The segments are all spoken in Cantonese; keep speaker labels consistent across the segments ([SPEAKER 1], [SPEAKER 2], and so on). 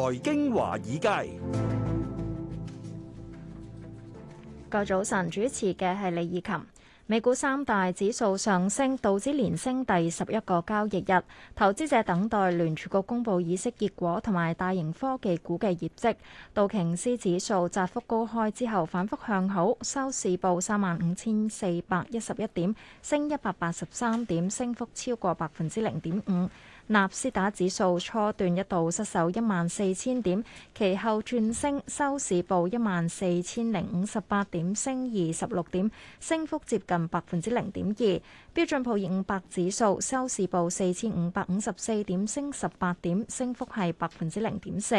[SPEAKER 1] 財經華爾街。
[SPEAKER 2] 個早晨主持嘅係李以琴。美股三大指數上升，道指連升第十一個交易日，投資者等待聯儲局公布議息結果同埋大型科技股嘅業績。道瓊斯指數窄幅高開之後反復向好，收市報三萬五千四百一十一點，升一百八十三點，升幅超過百分之零點五。納斯達指數初段一度失守一萬四千點，其後轉升，收市報一萬四千零五十八點，升二十六點，升幅接近百分之零點二。標準普爾五百指數收市報四千五百五十四點，升十八點，升幅係百分之零點四。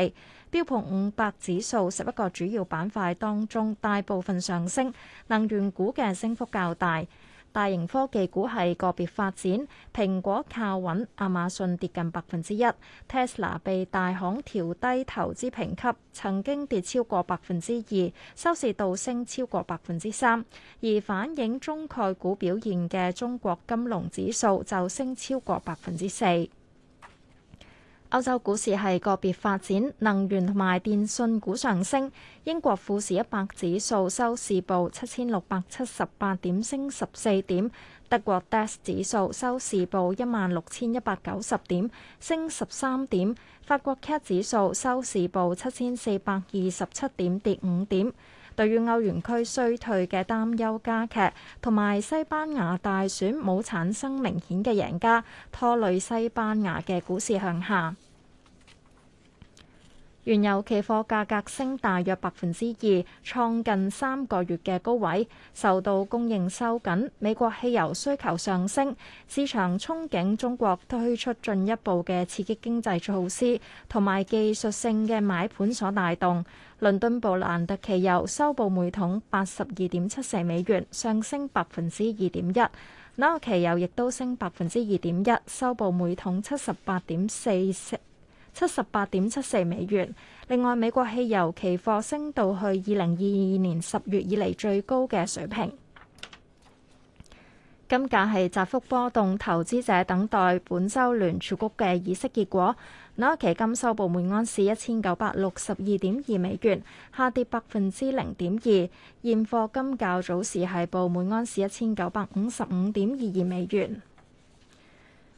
[SPEAKER 2] 標普五百指數十一個主要板塊當中大部分上升，能源股嘅升幅較大。大型科技股係個別發展，蘋果靠穩，亞馬遜跌近百分之一，Tesla 被大行調低投資評級，曾經跌超過百分之二，收市倒升超過百分之三，而反映中概股表現嘅中國金龍指數就升超過百分之四。歐洲股市係個別發展，能源同埋電信股上升。英國富時一百指數收市報七千六百七十八點，升十四點。德國 DAX 指數收市報一萬六千一百九十點，升十三點。法國 CAC 指數收市報七千四百二十七點，跌五點。對於歐元區衰退嘅擔憂加劇，同埋西班牙大選冇產生明顯嘅贏家，拖累西班牙嘅股市向下。原油期貨價格升大約百分之二，創近三個月嘅高位，受到供應收緊，美國汽油需求上升、市場憧憬中國推出進一步嘅刺激經濟措施同埋技術性嘅買盤所帶動。倫敦布蘭特期油收報每桶八十二點七四美元，上升百分之二點一；紐約期油亦都升百分之二點一，收報每桶七十八點四四。七十八點七四美元。另外，美國汽油期貨升到去二零二二年十月以嚟最高嘅水平。金價係窄幅波動，投資者等待本週聯儲局嘅議息結果。紐約期金收報每安士一千九百六十二點二美元，下跌百分之零點二。現貨金較早時係報每安士一千九百五十五點二二美元。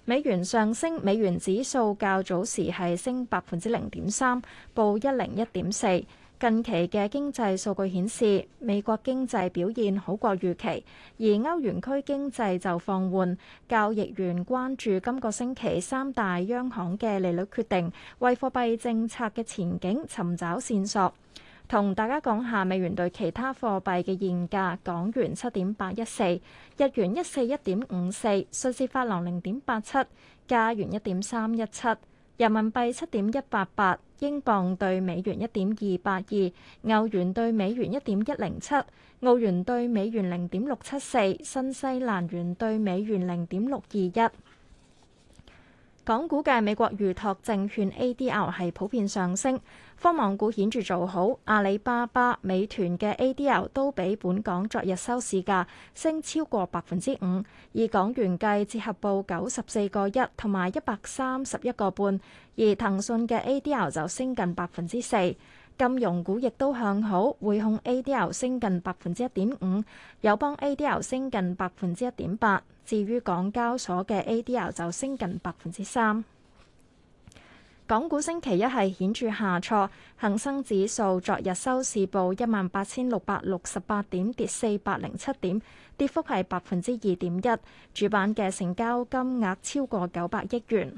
[SPEAKER 2] 美元上升，美元指數較早時係升百分之零點三，報一零一點四。近期嘅經濟數據顯示，美國經濟表現好過預期，而歐元區經濟就放緩。交易員關注今個星期三大央行嘅利率決定，為貨幣政策嘅前景尋找線索。同大家講下美元對其他貨幣嘅現價：港元七點八一四，日元一四一點五四，瑞士法郎零點八七，加元一點三一七，人民幣七點一八八，英鎊對美元一點二八二，歐元對美元一點一零七，澳元對美元零點六七四，新西蘭元對美元零點六二一。港股嘅美國預託證券 ADR 係普遍上升，科網股顯著做好，阿里巴巴、美團嘅 ADR 都比本港昨日收市價升超過百分之五，以港元計折合報九十四個一同埋一百三十一個半，而騰訊嘅 ADR 就升近百分之四。金融股亦都向好，匯控 ADL 升近百分之一點五，友邦 ADL 升近百分之一點八。至於港交所嘅 ADL 就升近百分之三。港股星期一係顯著下挫，恒生指數昨日收市報一萬八千六百六十八點，跌四百零七點，跌幅係百分之二點一。主板嘅成交金額超過九百億元。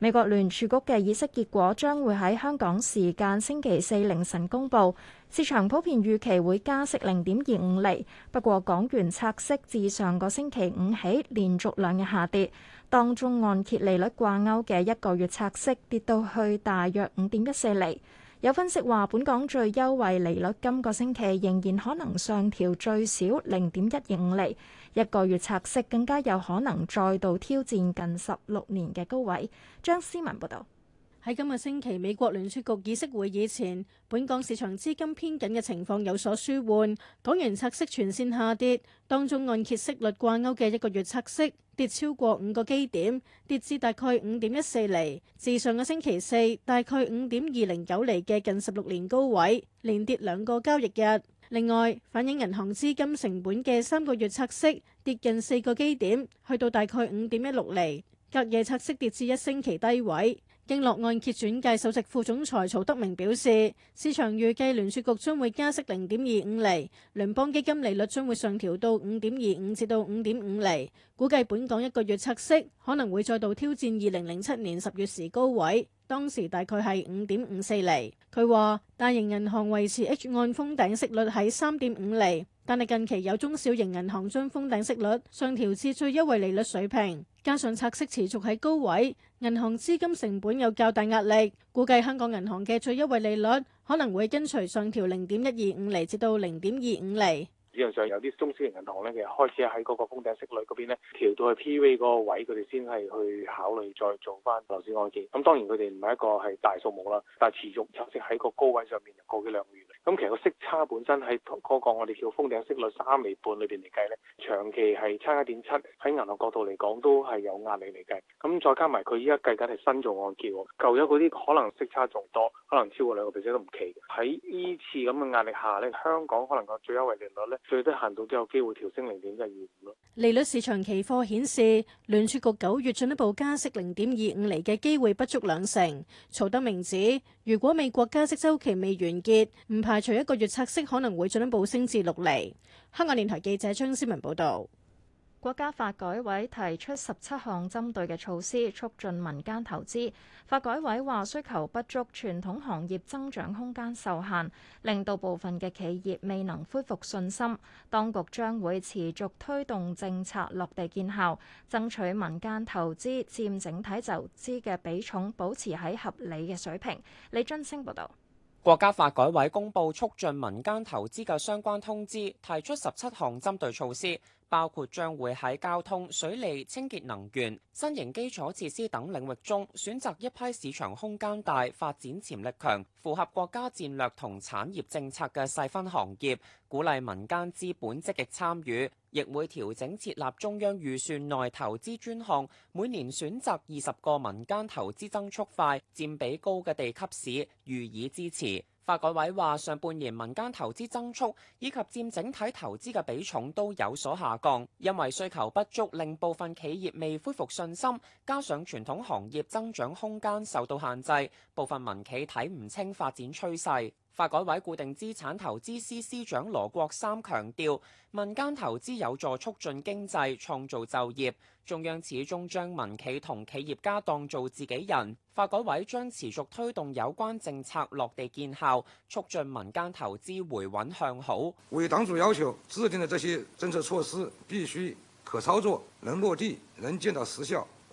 [SPEAKER 2] 美國聯儲局嘅議息結果將會喺香港時間星期四凌晨公佈，市場普遍預期會加息零點二五厘，不過港元拆息自上個星期五起連續兩日下跌，當中按揭利率掛鈎嘅一個月拆息跌到去大約五點一四厘。有分析話，本港最優惠利率今個星期仍然可能上調最少零點一二五厘。一個月拆息更加有可能再度挑
[SPEAKER 1] 戰近十六年嘅高位。張思文報道，喺今個星期，美國聯儲局議息會議前，本港市場資金偏緊嘅情況有所舒緩，港元拆息全線下跌，當中按揭息率掛鈎嘅一個月拆息跌超過五個基點，跌至大概五點一四厘。自上個星期四大概五點二零九厘嘅近十六年高位，連跌兩個交易日。另外，反映銀行資金成本嘅三個月拆息跌近四個基點，去到大概五點一六厘，隔夜拆息跌至一星期低位。經絡按揭轉介首席副總裁曹德明表示，市場預計聯儲局將會加息零點二五厘，聯邦基金利率將會上調到五點二五至到五點五厘，估計本港一個月拆息可能會再度挑戰二零零七年十月時高位。當時大概係五點五四厘。佢話大型銀行維持 H 按封頂息率喺三點五厘，但係近期有中小型銀行將封頂息率上調至最優惠利率水平，加上拆息持續喺高位，銀行資金成本有較大壓力。估計香港銀行嘅最優惠利率可能會跟隨上調零點一二五厘至到零點二五厘。
[SPEAKER 3] 市場上有啲中小型銀行咧，其實開始喺嗰個封頂息率嗰邊咧，調到去 PV 嗰個位，佢哋先係去考慮再做翻樓市按揭。咁當然佢哋唔係一個係大數目啦，但係持續 persist 喺個高位上面個幾兩個月。咁其實個息差本身喺嗰個我哋叫封頂息率三釐半裏邊嚟計咧，長期係差一點七，喺銀行角度嚟講都係有壓力嚟計。咁再加埋佢依家計緊係新做按揭喎，舊咗嗰啲可能息差仲多，可能超過兩個 percent 都唔奇嘅。喺呢次咁嘅壓力下咧，香港可能個最優惠利率咧～最低限度都有機會調升零點一二
[SPEAKER 1] 五咯。利率市場期貨顯示，聯儲局九月進一步加息零點二五厘嘅機會不足兩成。曹德明指，如果美國加息週期未完結，唔排除一個月拆息可能會進一步升至六厘。香港電台記者張思文報道。
[SPEAKER 2] 國家發改委提出十七項針對嘅措施，促進民間投資。發改委話：需求不足，傳統行業增長空間受限，令到部分嘅企業未能恢復信心。當局將會持續推動政策落地見效，爭取民間投資佔整體投資嘅比重保持喺合理嘅水平。李津
[SPEAKER 3] 升報道，國家發改委公布促進民間投資嘅相關通知，提出十七項針對措施。包括將會喺交通、水利、清潔能源、新型基礎設施等領域中，選擇一批市場空間大、發展潛力強、符合國家戰略同產業政策嘅細分行業，鼓勵民間資本積極參與；亦會調整設立中央預算內投資專項，每年選擇二十個民間投資增速快、佔比高嘅地級市，予以支持。發改委話：上半年民間投資增速以及佔整體投資嘅比重都有所下降，因為需求不足令部分企業未恢復信心，加上傳統行業增長空間受到限制，部分民企睇唔清發展趨勢。發改委固定資產投資司司長羅國三強調，民間投資有助促進經濟創造就業。中央始終將民企同企業家當做自己人。發改委將持續推動有關政策落地見效，促進民間投資回穩向好。為黨組要求制定的這些政策措施必須可操作、能落地、能見到實效。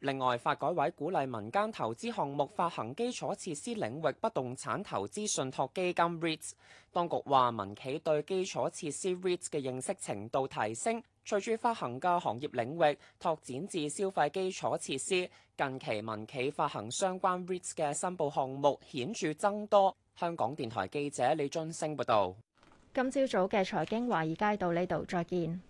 [SPEAKER 3] 另外，發改委鼓勵民間投資項目發行基礎設施領域不動產投資信託基金 REITs。當局話，民企對基礎設施 REITs 嘅認識程度提升，隨住發行嘅行業領域拓展至消費基礎設施，近期民企發行相關 REITs 嘅申報項目顯著增多。香港電台記者李津星報導。
[SPEAKER 2] 今朝早嘅財經華爾街到呢度，再見。